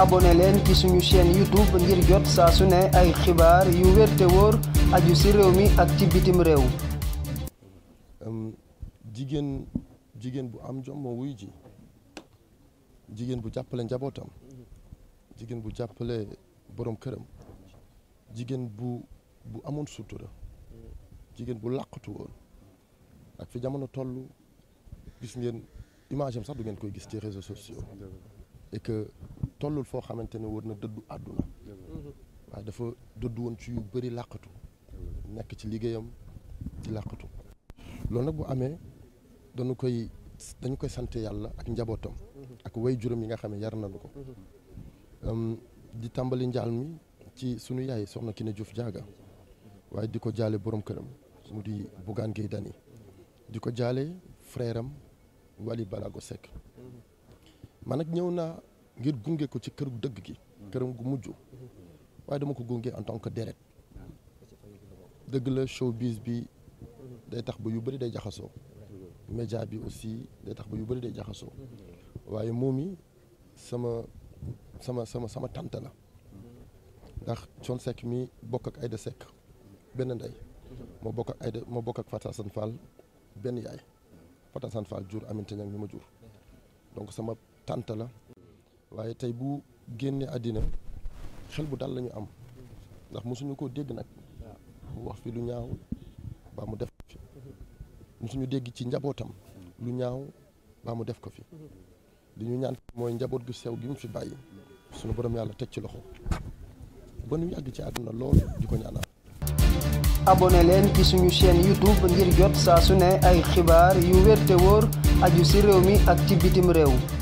abonné leen ci suñu chaîne YouTube ngir jot saa su ne ay xibaar yu wér te wóor aju ci réew mi ak ci bitim réew. jigéen bu am jom wuy ji jigéen bu jàppale njabootam jigéen bu jàppale boroom këram jigéen bu bu amoon sutura jigéen bu làqatu woon ak fi jamono toll gis ngeen image sax du ngeen koy gis ci réseaux sociaux tollul foo xamante ne war na dëddu àdduna waaye dafa dëddu woon ci yu bëri làqatu nekk ci liggéeyam di làqatu loolu nag bu amee dañu koy dañu koy sant yàlla ak njabootam ak way juróom yi nga xam ne yar nañu ko di tàmbali njaal mi ci sunu yaay soxna Kiné Diouf Diaga waaye di ko jaale borom këram mu di Bougane Gueye Dany di ko jaale frère am Waly Balago man nag ñëw naa ngir gunge ko ci kër dëgg gi këram gu mujj waaye dama ko gunge en tant que deret dëgg la showbiz bi day tax ba yu bëri day jaxasoo média bi aussi day tax ba yu bëri day jaxasoo waaye moom yi sama sama sama sama tante la ndax Thione Seck mi bokk ak Aïda Seck benn ndey moo bokk ak Aïda moo bokk ak Fatou benn yaay Fatou Assane Fall jur Aminata Niang mi ma jur donc sama tante la waaye tey bu génnee àddina xel bu dal lañu am ndax mosuñu koo dégg nag mu wax fi lu ñaaw baa mu def ko fi mosuñu dégg ci njabootam lu ñaaw baa mu def ko fi li ñu ñaan mooy njaboot gu sew gi mu fi bàyyi suñu borom yàlla teg ci loxo ba nu yàgg ci àdduna lool di ko ñaanal. abonné leen ci suñu chaîne youtube ngir jot saa su ne ay xibaar yu wér te wóor aju ci réew mi ak ci bitim réew.